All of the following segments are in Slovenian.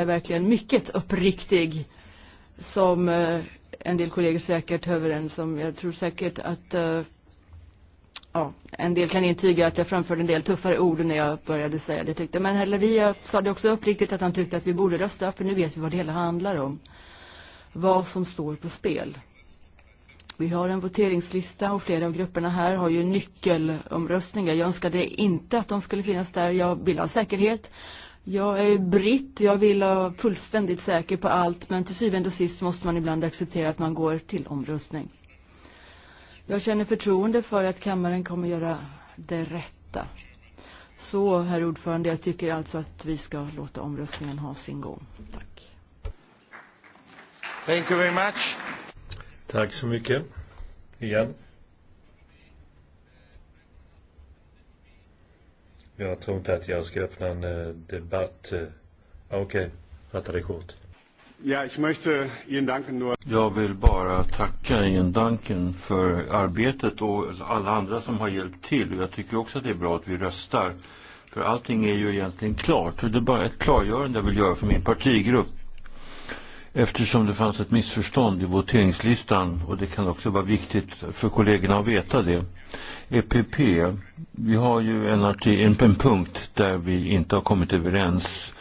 är verkligen mycket uppriktig som eh, en del kollegor säkert är överens om. Jag tror säkert att eh, ja, en del kan intyga att jag framförde en del tuffare ord när jag började säga det tyckte. Men heller vi sa det också uppriktigt att han tyckte att vi borde rösta för nu vet vi vad det hela handlar om. Vad som står på spel. Vi har en voteringslista och flera av grupperna här har ju nyckelomröstningar. Jag önskade inte att de skulle finnas där. Jag vill ha säkerhet. Jag är britt, jag vill vara fullständigt säker på allt men till syvende och sist måste man ibland acceptera att man går till omröstning. Jag känner förtroende för att kammaren kommer göra det rätta. Så, herr ordförande, jag tycker alltså att vi ska låta omröstningen ha sin gång. Tack. Thank you very much. Tack så mycket. Igen. Yeah. Jag tror inte att jag ska öppna en eh, debatt. Eh, ja, okej, okay. fattar det kort. Ja, ich möchte Ihnen danken nur. Jag vill bara tacka Ian Duncan för arbetet och alla andra som har hjälpt till. Jag tycker också att det är bra att vi röstar. För allting är ju egentligen klart. Det är bara ett klargörande jag vill göra för min partigrupp. Eftersom det fanns ett missförstånd i voteringslistan och det kan också vara viktigt för kollegorna att veta det. EPP, vi har ju en, en, en punkt där vi inte har kommit överens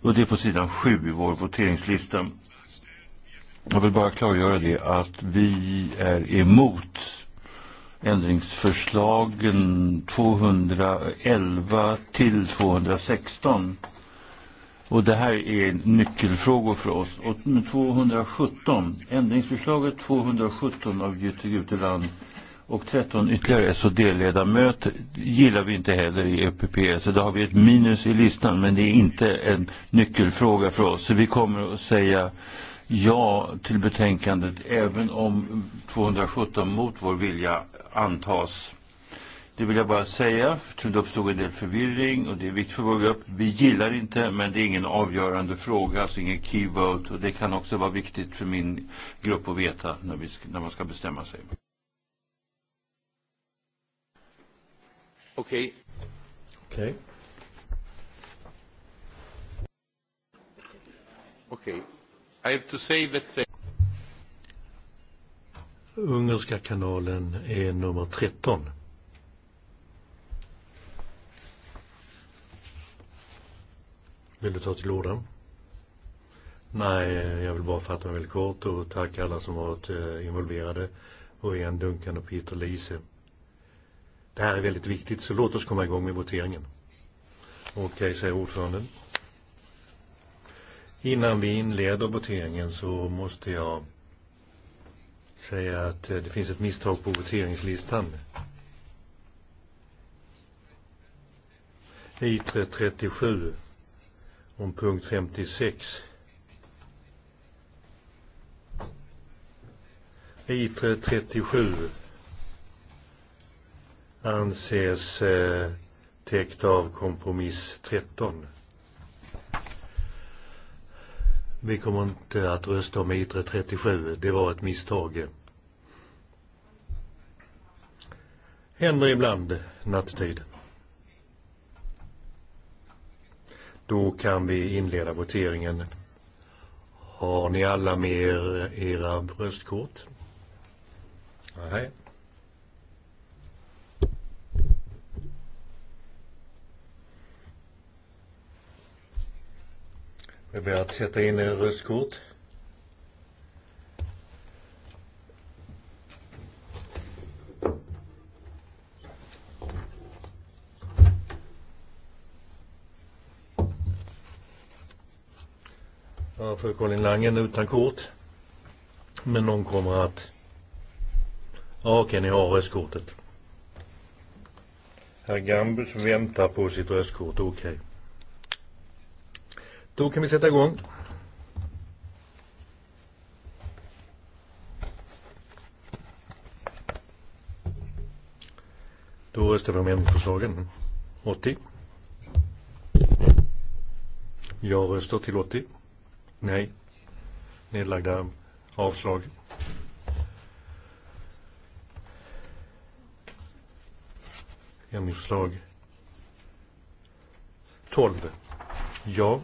och det är på sidan 7 i vår voteringslista. Jag vill bara klargöra det att vi är emot ändringsförslagen 211 till 216. Och det här är nyckelfrågor för oss. Och 217, ändringsförslaget 217 av Göte Guteland och 13 ytterligare så delledamöter gillar vi inte heller i EPP. Så då har vi ett minus i listan, men det är inte en nyckelfråga för oss. Så vi kommer att säga ja till betänkandet även om 217 mot vår vilja antas. Det vill jag bara säga, eftersom det uppstod en del förvirring och det är viktigt för vår grupp. Vi gillar inte, men det är ingen avgörande fråga, alltså ingen key vote. Och det kan också vara viktigt för min grupp att veta när, vi, när man ska bestämma sig. Okej. Okay. Okej. Okay. Okay. I have to say that... Ungerska kanalen är nummer 13. Vill du ta till orda? Nej, jag vill bara fatta mig väldigt kort och tacka alla som varit eh, involverade och igen Duncan och Peter Lise. Det här är väldigt viktigt, så låt oss komma igång med voteringen. Okej, okay, säger ordföranden. Innan vi inleder voteringen så måste jag säga att eh, det finns ett misstag på voteringslistan. I 37 om punkt 56. I 37 anses eh, täckt av kompromiss 13. Vi kommer inte att rösta om I 37. Det var ett misstag. Händer ibland nattetid. Då kan vi inleda voteringen. Har ni alla med er, era röstkort? Nej. Jag ber att sätta in er röstkort. Ja, för Colin Langen utan kort. Men någon kommer att... Ja, okej, ni har röstkortet. Herr Gambus väntar på sitt röstkort. Okej. Då kan vi sätta igång. Då röstar vi om ändringsförslagen. 80. Jag röstar till 80. Nej. Nedlagda avslag. Ändringsförslag 12. Ja.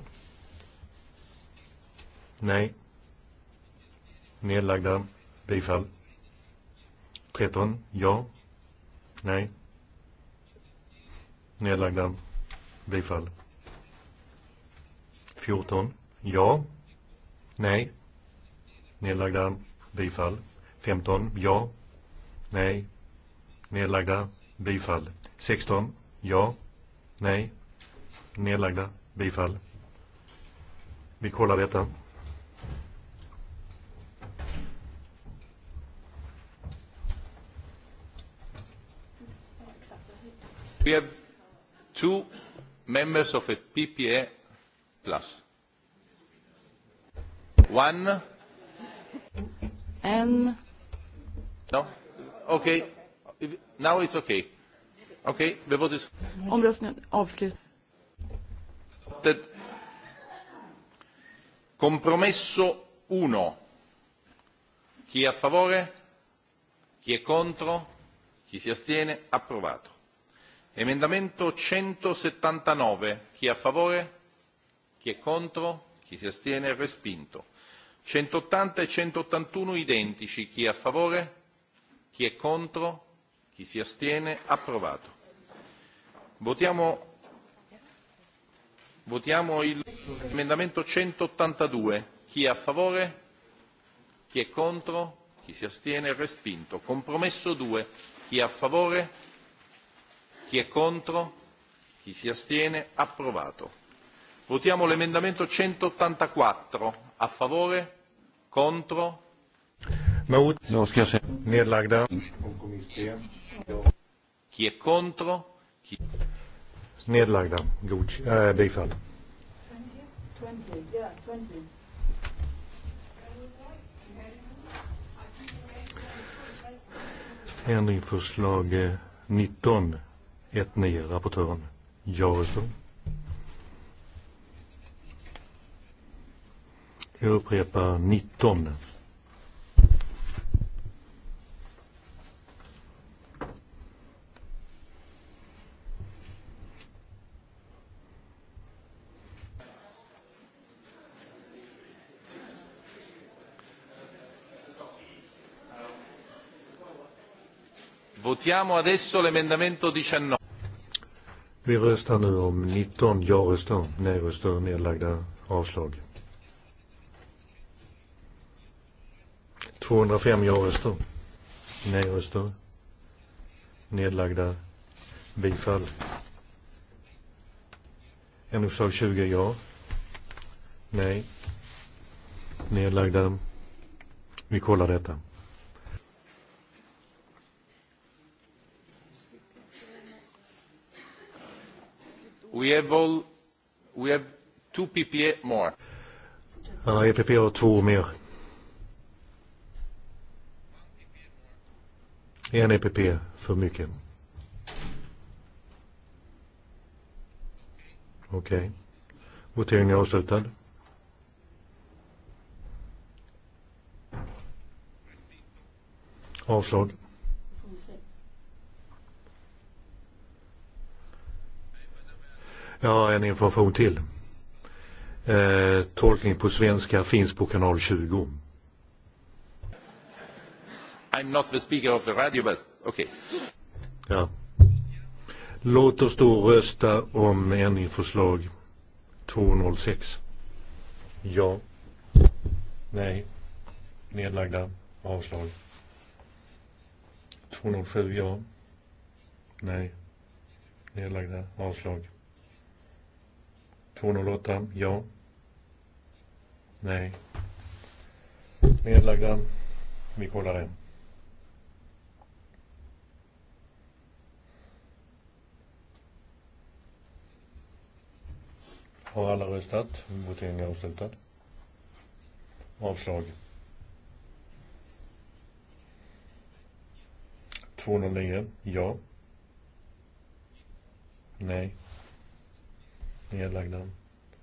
Nej. Nedlagda. Bifall. 13. Ja. Nej. Nedlagda. Bifall. 14. Ja. Nej. Nedlagda. Bifall. 15. Ja. Nej. Nedlagda. Bifall. 16. Ja. Nej. Nedlagda. Bifall. Vi kollar detta. We have two members of a PPA plus. One. N. No? Okay. Now it's okay. Okay, the vote is. Omröstningen avslut. That compromesso 1. Chi è a favore? Chi è contro? Chi si astiene? Approvato. Emendamento 179. Chi è a favore? Chi è contro? Chi si astiene? Respinto centottanta e centottantuno identici. Chi è a favore? Chi è contro? Chi si astiene? Approvato. Votiamo, votiamo l'emendamento 182. Chi è a favore? Chi è contro? Chi si astiene? Respinto. Compromesso 2. Chi è a favore? Chi è contro? Chi si astiene? Approvato. Votiamo l'emendamento 184. A favore? Chi contro no, chi è contro chi... Ändring förslag 19, 1-9, rapportören Jarosdal. Evropija pa ni tomna. Votiamo adesso l'emendamento 19. Vi röstar nu om 19, jag röstar nej, röstar nedlagda avslag. 205 ja röster. Nej röster. Nedlagda bifall. Ändringsförslag 20 ja. Nej. Nedlagda. Vi kollar detta. We have all, we have two PPA more. Ja, EPP har två mer. en EPP för mycket. Okej. Okay. Voteringen är er avslutad. Avslag. Ja, en information till. Eh, tolkning på svenska finns på kanal 20. I'm not the speaker of the radio, but okay. Ja. Låt oss då rösta om ändringsförslag 206. Ja. Nej. Nedlagda. Avslag. 207. Ja. Nej. Nedlagda. Avslag. 208. Ja. Nej. Nedlagda. Vi kollar det. Har alla röstat? Voteringen är avslutad. Avslag. 209. Ja. Nej. Nedlagda.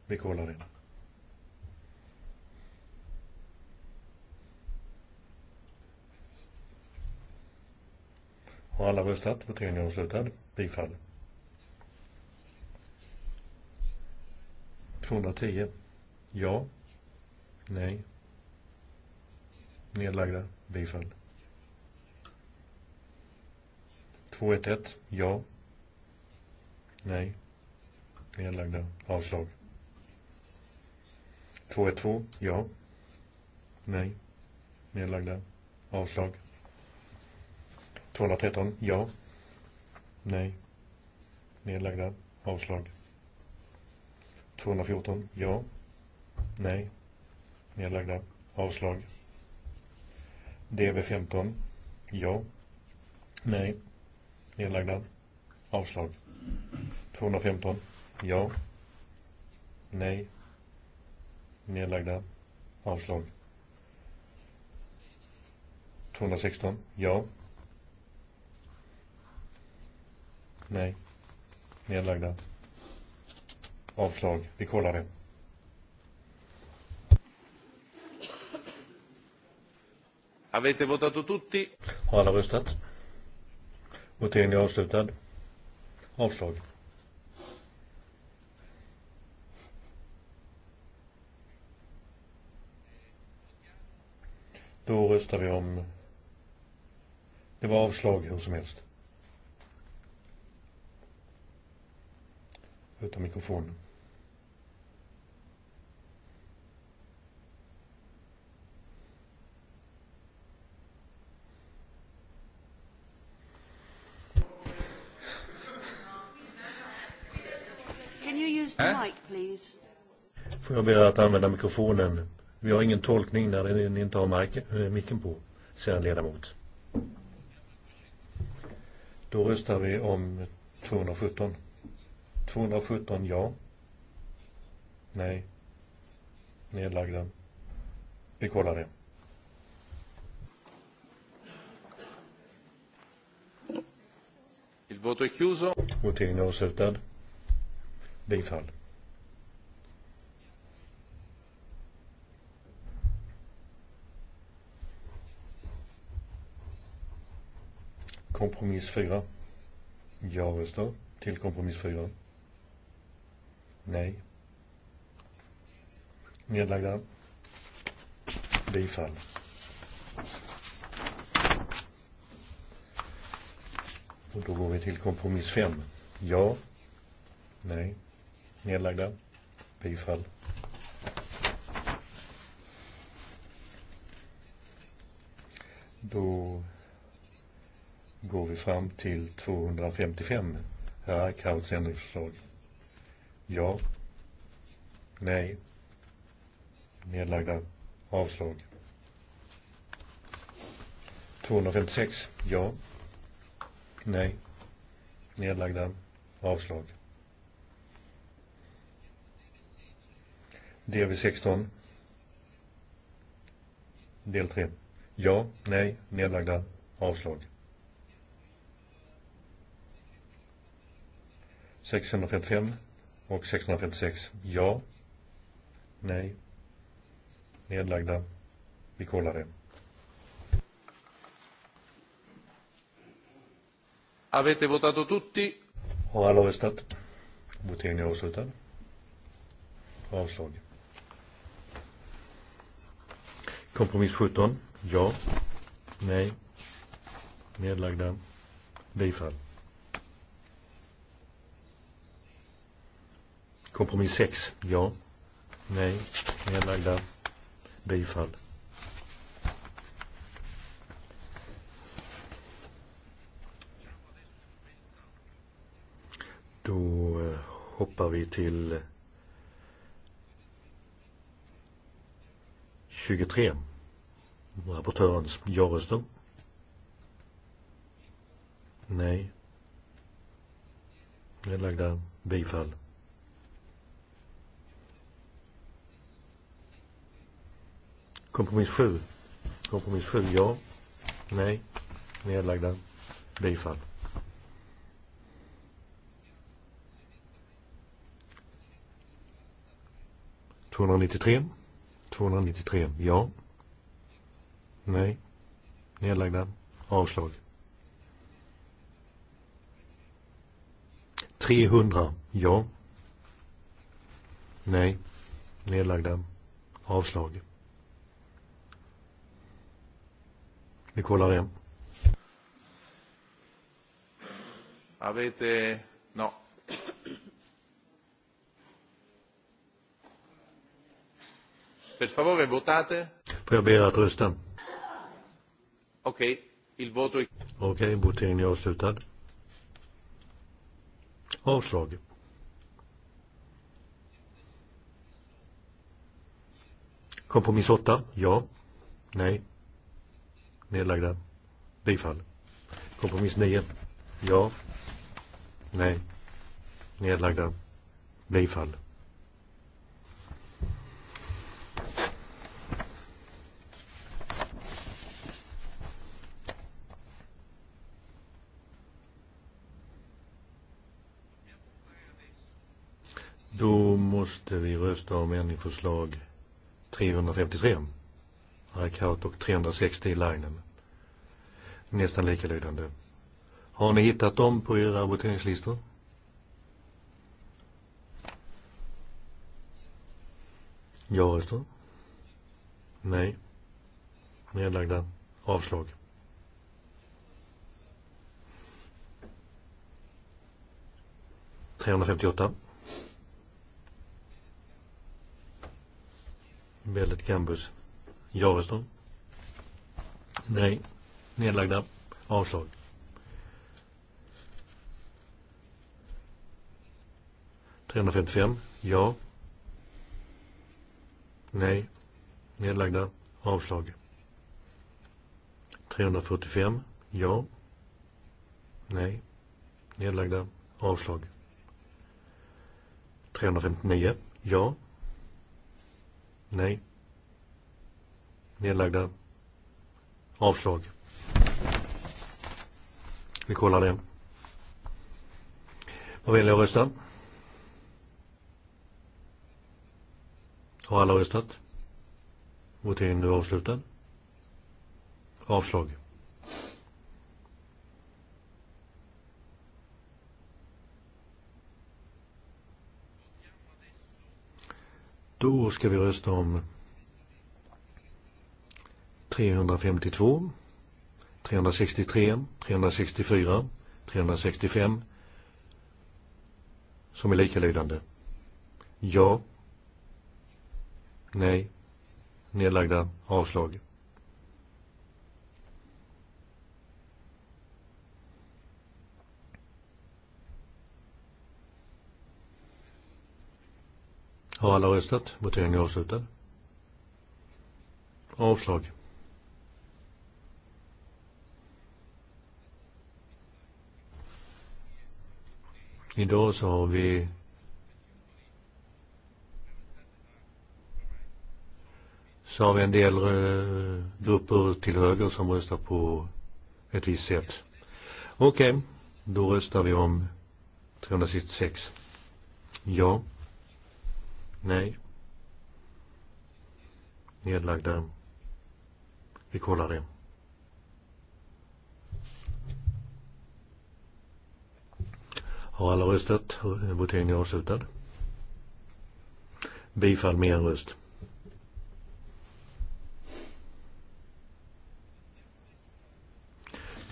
Vi kollar det. Har alla röstat? Voteringen är avslutad. Bifall. 210. Ja. Nej. Nedlagda. Bifall. 211. Ja. Nej. Nedlagda. Avslag. 212. Ja. Nej. Nedlagda. Avslag. 213. Ja. Nej. Nedlagda. Avslag. 214. 214. Ja. Nej. Nedlagda. Avslag. DV15. Ja. Nej. Nedlagda. Avslag. 215. Ja. Nej. Nedlagda. Avslag. 216. Ja. Nej. Nedlagda avslag. Vi kollar det. Avete votato tutti? Har alla röstat? Voteringen är er avslutad. Avslag. Då röstar vi om... Det var avslag hur som helst. Utan mikrofonen. Får jag be er att använda mikrofonen? Vi har ingen tolkning när ni inte har eh, micken på, säger en ledamot. Då röstar vi om 217. 217 ja. Nej. Nedlagda. Vi kollar det. Voteringen är avslutad. Bifall. Kompromiss 4. Ja röster till kompromiss 4. Nej. Nedlagda. Bifall. Och då går vi till kompromiss 5. Ja. Nej nedlagda. Bifall. Då går vi fram till 255. Ja, Krauts ändringsförslag. Ja. Nej. Nedlagda. Avslag. 256. Ja. Nej. Nedlagda. Avslag. DV16 Del 3 Ja, nej, nedlagda, avslag 655 och 656 Ja, nej, nedlagda, vi kollar det Avete votato tutti? Ho allo estat. Voteringen är avslutad. Avslag. 655. Kompromiss 17, ja. Nej. Nedlagda. Bifall. Kompromiss 6, ja. Nej. Nedlagda. Bifall. Då eh, hoppar vi till 23. Rapporteurens jongesdom. Nej. Nedlagda bifall. Kompromiss 7. Kompromiss 7, ja. Nej. Nedlagda bifall. Tvåhundranittiotre. 293. Ja. Nej. Nedlagda. Avslag. 300. Ja. Nej. Nedlagda. Avslag. Vi kollar igen. Avete... Per favore votate. Probeer te stemmen. Oké, okay, il voto. Oké, okay, butting in resultaat. Afslag. Compromis 8, ja. Nee. Nederlagda. Bifall. Compromis 9, ja. Nee. Nederlagda. Bifall. måste vi rösta om ändringsförslag 353, Arkaut och 360 i linen. Nästan likalydande. Har ni hittat dem på era voteringslistor? Ja röstar. Nej. Nedlagda. Avslag. 358. väldigt campus. Jarlestad. Nej. Nedlagda. Avslag. Trehundrafemtiofem. Ja. Nej. Nedlagda. Avslag. 345. Ja. Nej. Nedlagda. Avslag. 359. Ja. Nej. Nedlagda. Avslag. Vi kollar det. Var vänlig och rösta. Har alla röstat? Voteringen är avslutad. Avslag. Då ska vi rösta om 352, 363, 364, 365 som är likalydande. Ja. Nej. Nedlagda. Avslag. Har alla röstat? Voteringen är avslutad. Avslag. Idag så har vi så har vi en del eh, grupper till höger som röstar på ett visst sätt. Okej, okay, då röstar vi om 366. Ja. Nej. Nedlagda. Vi kollar det. Har alla röstat? Voteringen är avslutad. Bifall med en röst.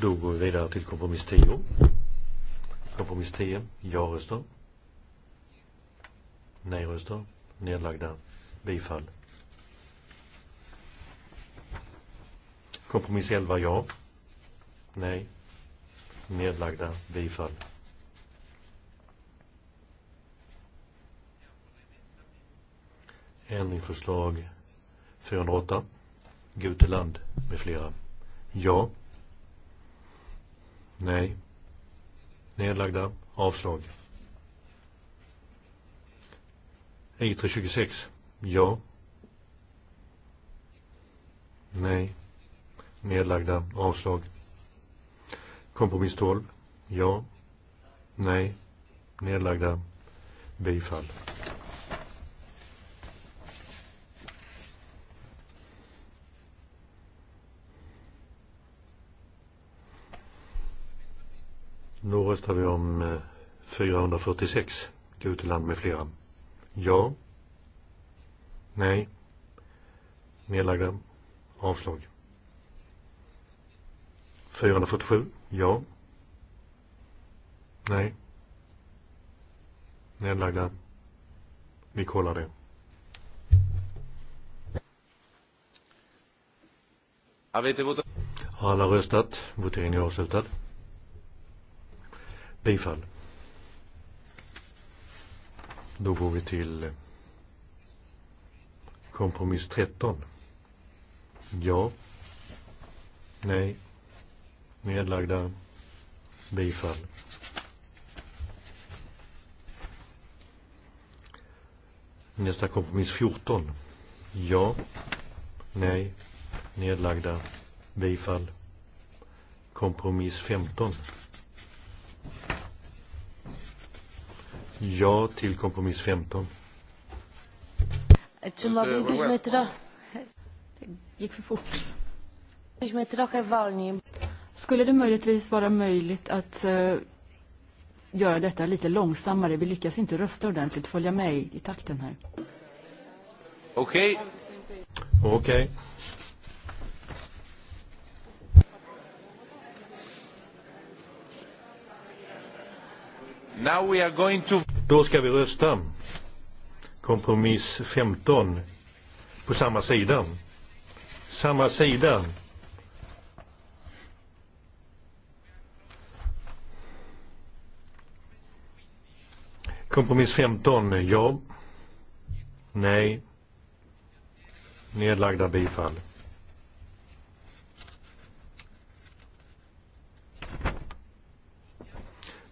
Då går vi vidare till kompromiss 10. Kompromiss 10. Ja-röster. Nej-röster nedlagda bifall. Kompromiss 11, ja. Nej. Nedlagda bifall. Ändringsförslag 408. Guteland med flera. Ja. Nej. Nedlagda. Avslag. 1926. Ja. Nej. Nedlagda. Avslag. Kompromiss 12. Ja. Nej. Nedlagda. Bifall. Nu röstar vi om 446. Eh, Gå ut i land med flera. Ja. Nej. Nedlagda. Avslag. 447. Ja. Nej. Nedlagda. Vi kollar det. Har alla röstat? Voteringen är avslutad. Bifall. Då går vi till kompromiss 13. Ja. Nej. Nedlagda. Bifall. Nästa kompromiss 14. Ja. Nej. Nedlagda. Bifall. Kompromiss 15. ja till kompromiss 15. Czy byśmy gick för fort. Byśmy trochę wolniej. Skulle det möjligtvis vara möjligt att uh, göra detta lite långsammare? Vi lyckas inte rösta ordentligt. Följa med i, i takten här. Okej. Okay. Okej. Okay. Då ska vi rösta. Kompromiss 15 på samma sida. Samma sida. Kompromiss 15, ja. Nej. Nedlagda bifall.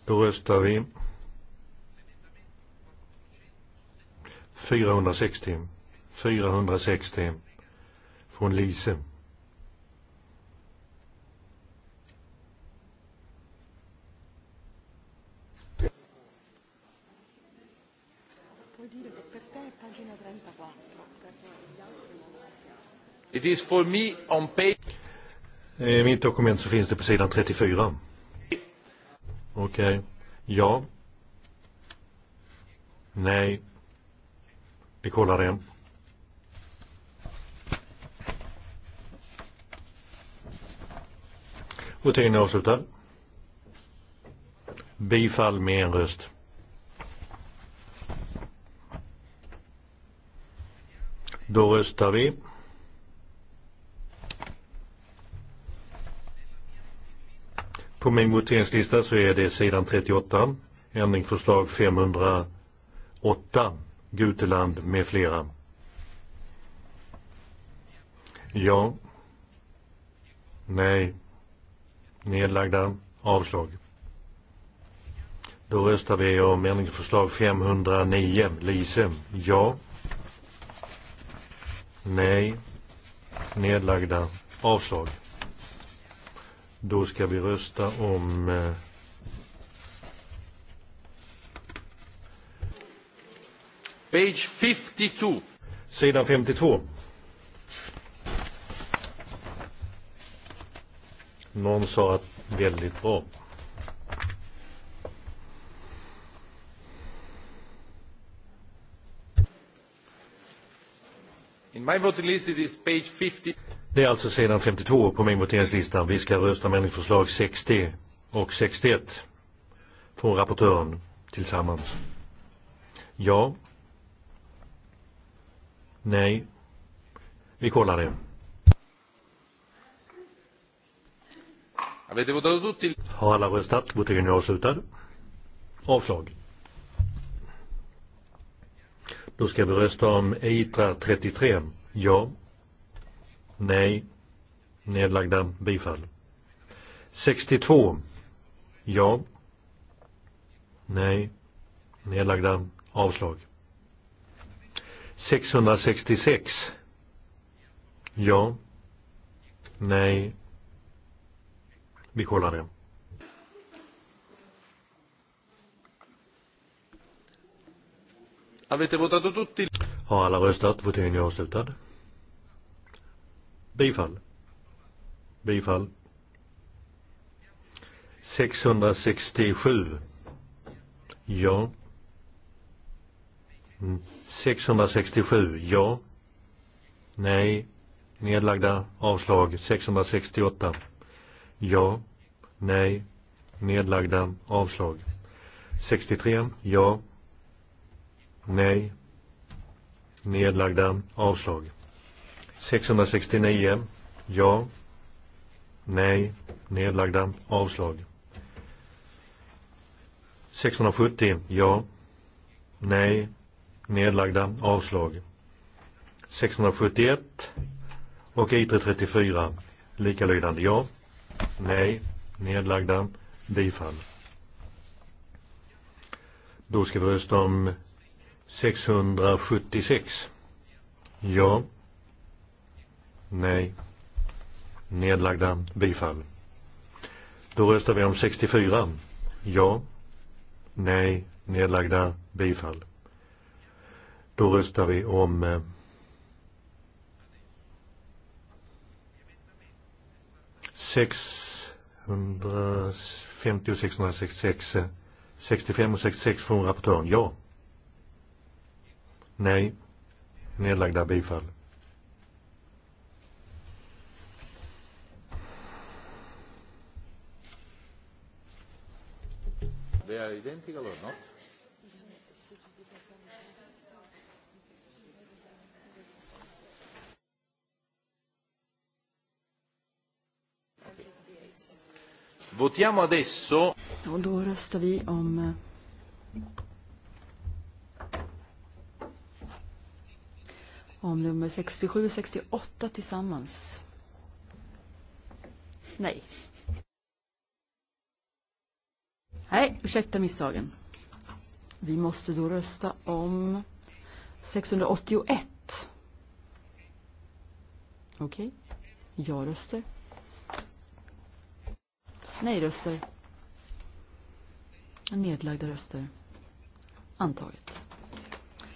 Då röstar vi. 460. 460. Från Lise. It is for me on page... I mitt dokument så finns det på sidan 34. Okej. Okay. Ja. Nej. Vi kollar det. Voteringen är avslutad. Bifall med en röst. Då röstar vi. På min voteringslista så är er det sidan 38, ändringsförslag 508. Guteland med flera. Ja. Nej. Nedlagda. Avslag. Då röstar vi om ändringsförslag 509. Lise. Ja. Nej. Nedlagda. Avslag. Då ska vi rösta om eh, Page 52. Sidan 52. Någon sa att väldigt bra. In my voting list it is page 50. Det är alltså sedan 52 på min voteringslista. Vi ska rösta med förslag 60 och 61 från rapportören tillsammans. Ja, Nej. Vi kollar det. Avete votato tutti? Har alla röstat? Voteringen är avslutad. Avslag. Då ska vi rösta om EITRA 33. Ja. Nej. Nedlagda. Bifall. 62. Ja. Nej. Nedlagda. Avslag. 666. Ja. Nej. Vi kollar det. Avete votato tutti? Ja, alla röstat. Voteringen är avslutad. Bifall. Bifall. 667. Ja. 667, ja. Nej. Nedlagda avslag 668. Ja. Nej. Nedlagda avslag. 63, ja. Nej. Nedlagda avslag. 669, ja. Nej. Nedlagda avslag. 670, ja. Nej nedlagda avslag. 671 och IT 34 likalydande ja, nej, nedlagda, bifall. Då ska vi rösta om 676. Ja, nej, nedlagda, bifall. Då röstar vi om 64. Ja, nej, nedlagda, bifall. Då röstar vi om sex 150 och 666, 65 och 66 från rapportören. Ja. Nej. Nedlagda bifall. They are identical or not? Votiamo adesso. Om nummer 67 och 68 tillsammans. Nej. Nej, ursäkta misstagen. Vi måste då rösta om 681. Okej, okay. jag röstar nej-röster. Nedlagda röster. Antaget.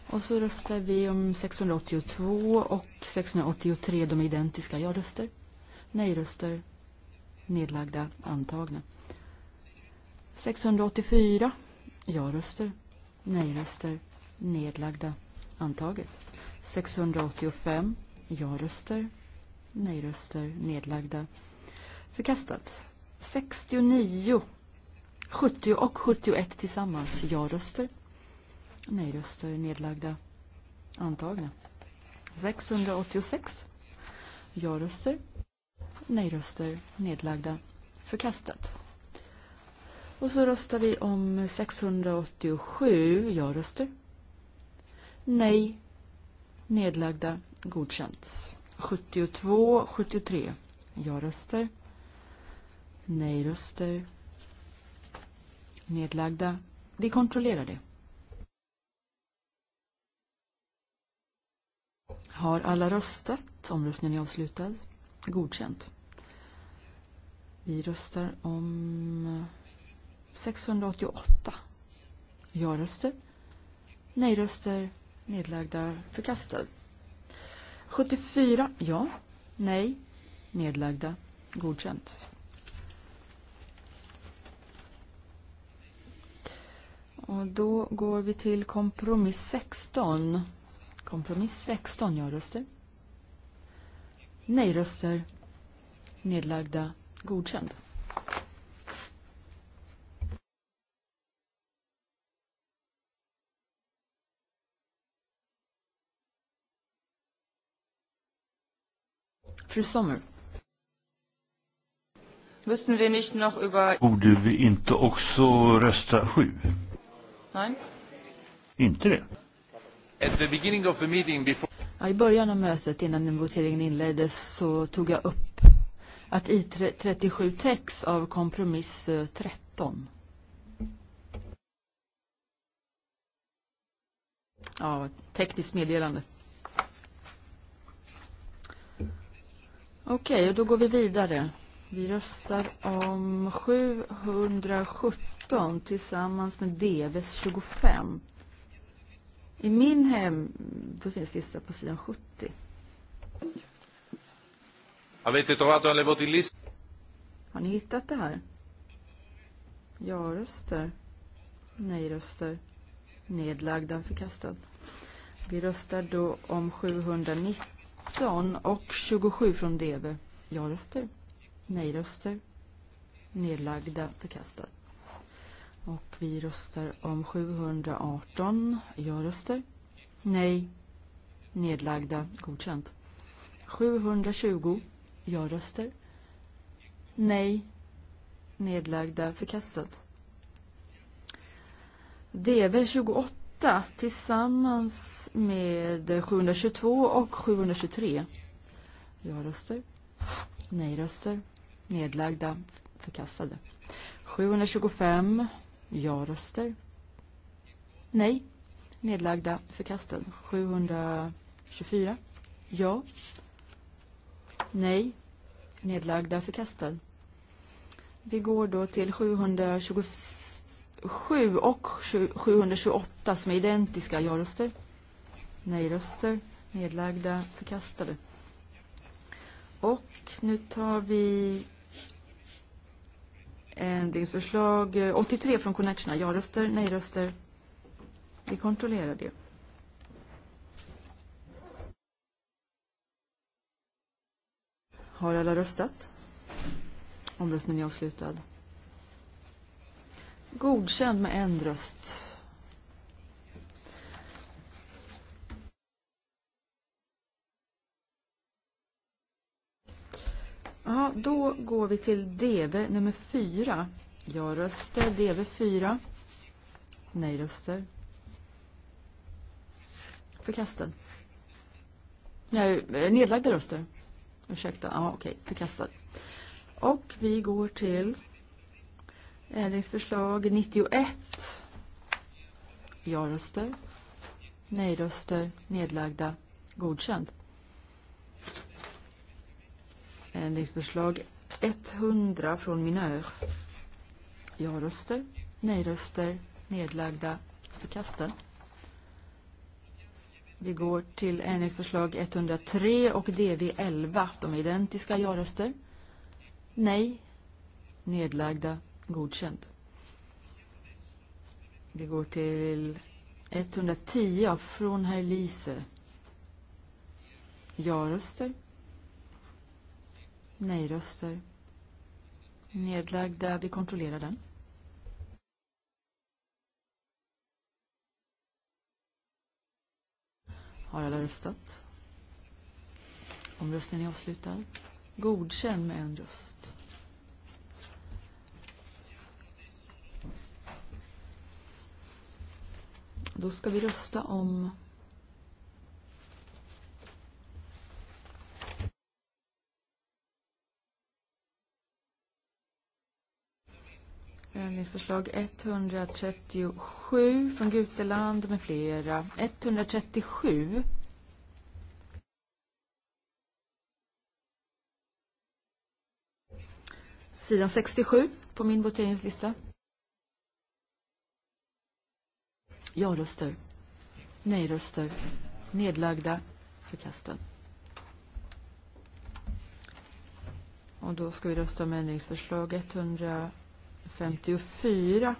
Och så röstar vi om 682 och 683, de identiska ja-röster. Nej-röster. Nedlagda. Antagna. 684, ja-röster. Nej-röster. Nedlagda. Antaget. 685, ja-röster. Nej-röster. Nedlagda. Förkastat. 69, 70 och 71 tillsammans. Ja-röster, nej-röster, nedlagda, antagna. 686. Ja-röster, nej-röster, nedlagda, förkastat. Och så röstar vi om 687. Ja-röster, nej, nedlagda, godkänt. 72, 73. Ja-röster nej-röster, nedlagda. Vi kontrollerar det. Har alla röstat? Omröstningen är avslutad. Godkänt. Vi röstar om 688. Ja-röster, nej-röster, nedlagda, förkastad. 74. Ja, nej, nedlagda, godkänt. Och då går vi till kompromiss 16. Kompromiss 16, ja röster. Nej röster. Nedlagda. Godkänd. Fru Sommer. Borde vi inte också rösta sju? Nein. Inte det. I början av mötet innan voteringen inleddes så tog jag upp att i 37 text av kompromiss 13. Eh, ja, tekniskt meddelande. Okej, okay, och då går vi vidare. Vi röstar om 717 tillsammans med DVS 25. I min hem finns lista på sidan 70. Har ni hittat det här? Ja-röster. Nej-röster. Nedlagda, förkastad. Vi röstar då om 719 och 27 från DV. Ja-röster. Nej-röster. Nedlagda, förkastad. Och vi röstar om 718 ja-röster. Nej. Nedlagda, godkänt. 720 ja-röster. Nej. Nedlagda, förkastad. DV 28 tillsammans med 722 och 723 ja-röster. Nej-röster nedlagda, förkastade. 725 ja-röster. Nej, nedlagda, förkastade. 724 ja. Nej, nedlagda, förkastade. Vi går då till 727 och 728 som är identiska ja-röster. Nej-röster, nedlagda, förkastade. Och nu tar vi ändringsförslag 83 eh, från Connectiona. Ja-röster, nej-röster. Vi kontrollerar det. Har alla röstat? Omröstningen är avslutad. Godkänd med en röst. Ja, då går vi till DV nummer 4. Jag röstar DV 4. Nej röster. Förkastad. Nej, eh, nedlagda röster. Ursäkta, ja, okej, förkastad. Och vi går till ändringsförslag 91. Ja röster. Nej röster. Nedlagda. Godkänt. Ändringsförslag 100 från mina ö. Ja röster, nej röster, nedlagda förkastade. Vi går till ändringsförslag 103 och DV11. De är identiska ja-röster. Nej. Nedlagda. Godkänt. Vi går till 110 från herr Lise. Ja-röster. Nej-röster. Nedlagda. Vi kontrollerar den. Har alla röstat? Omröstningen är avslutad. Godkänn med en röst. Då ska vi rösta om... Ändringsförslag 137 från Guteland med flera. 137. Sidan 67 på min voteringslista. Ja-röster. Nej-röster. Nedlagda. Förkastad. Och då ska vi rösta om ändringsförslag 137. 54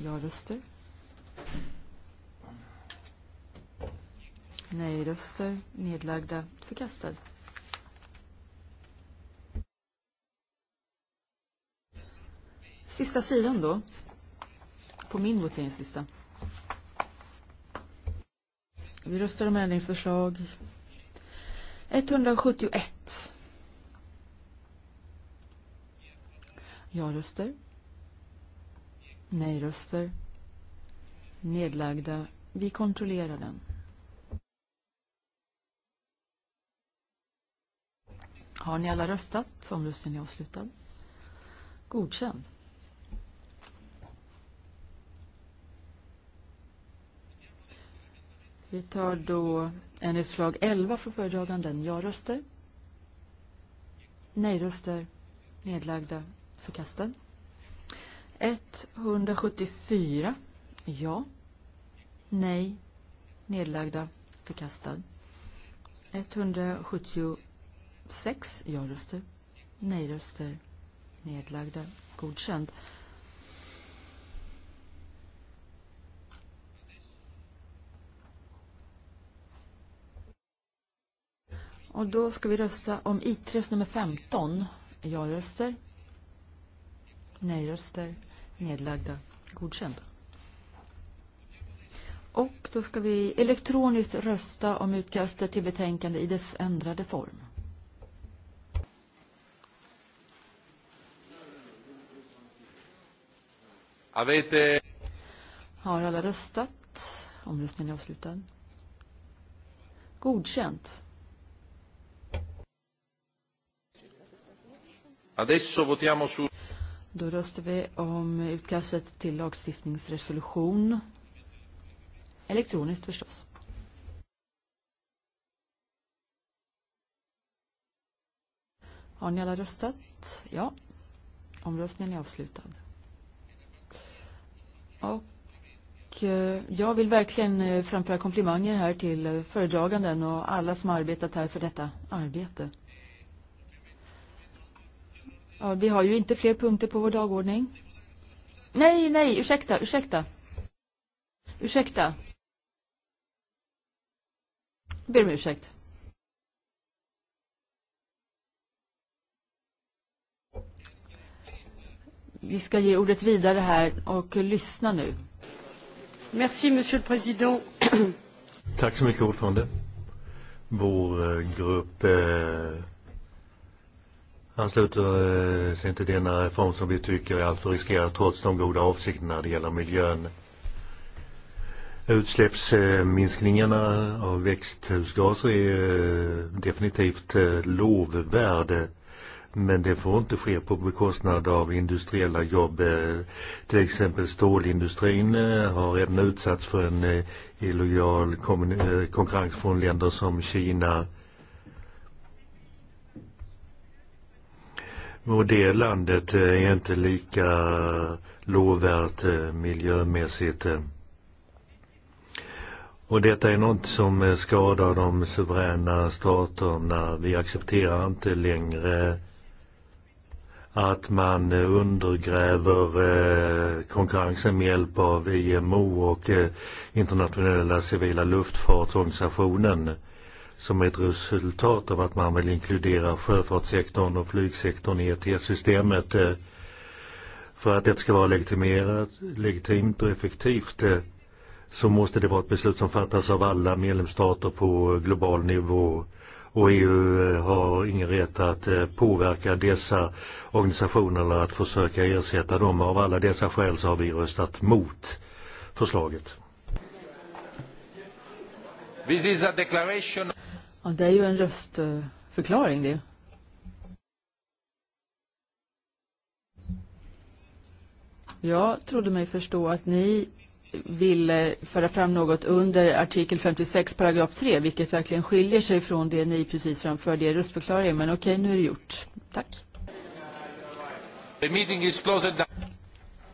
ja-röster. Nej-röster, nedlagda, förkastad. Sista sidan då, på min voteringslista. Vi röstar om ändringsförslag 171. Ja-röster. Nej-röster. Nedlagda. Vi kontrollerar den. Har ni alla röstat som röstningen är avslutad? Godkänd. Vi tar då enligt förslag 11 från föredraganden. Ja-röster. Nej-röster. Nedlagda för kasten. 174. Ja. Nej. Nedlagda. Förkastad. 176. Ja röster. Nej röster. Nedlagda. Godkänd. Och då ska vi rösta om I3 nummer 15. Ja röster. Nej röster nedlagda. Godkänt. Och då ska vi elektroniskt rösta om utkastet till betänkande i dess ändrade form. Avete. Har alla röstat? Omröstningen är avslutad. Godkänt. Adesso votiamo su Då röstar vi om utkastet till lagstiftningsresolution. Elektroniskt förstås. Har ni alla röstat? Ja. Omröstningen är avslutad. Och eh, jag vill verkligen eh, framföra komplimanger här till eh, föredraganden och alla som arbetat här för detta arbete. Ja, vi har ju inte fler punkter på vår dagordning. Nej, nej, ursäkta, ursäkta. Ursäkta. Ber om ursäkt. Vi ska ge ordet vidare här och lyssna nu. Merci, monsieur le président. Tack så mycket, ordförande. Vår eh, grupp... Eh... Han sluter eh, sig inte denna reform som vi tycker är alltför riskerad trots de goda avsikterna när det gäller miljön. Utsläppsminskningarna av växthusgaser är eh, definitivt eh, lovvärde. Men det får inte ske på bekostnad av industriella jobb. Till exempel stålindustrin har även utsatts för en illojal konkurrens från länder som Kina. Och det landet eh, är inte lika eh, lovvärt eh, miljömässigt. Och detta är något som skadar de suveräna staterna. Vi accepterar inte längre att man undergräver konkurrensen med hjälp av IMO e och internationella civila luftfartsorganisationen som ett resultat av att man vill inkludera sjöfartssektorn och flygsektorn i ETS-systemet eh, för att det ska vara legitimerat, legitimt och effektivt eh, så måste det vara ett beslut som fattas av alla medlemsstater på global nivå och EU eh, har ingen rätt att påverka dessa organisationer att försöka ersätta dem. Av alla dessa skäl så har vi röstat mot förslaget. This is a declaration. Ja, det är ju en röstförklaring det. Jag trodde mig förstå att ni ville föra fram något under artikel 56 paragraf 3, vilket verkligen skiljer sig från det ni precis framförde i er röstförklaringen. Men okej, okay, nu är det gjort. Tack. The meeting is closed now.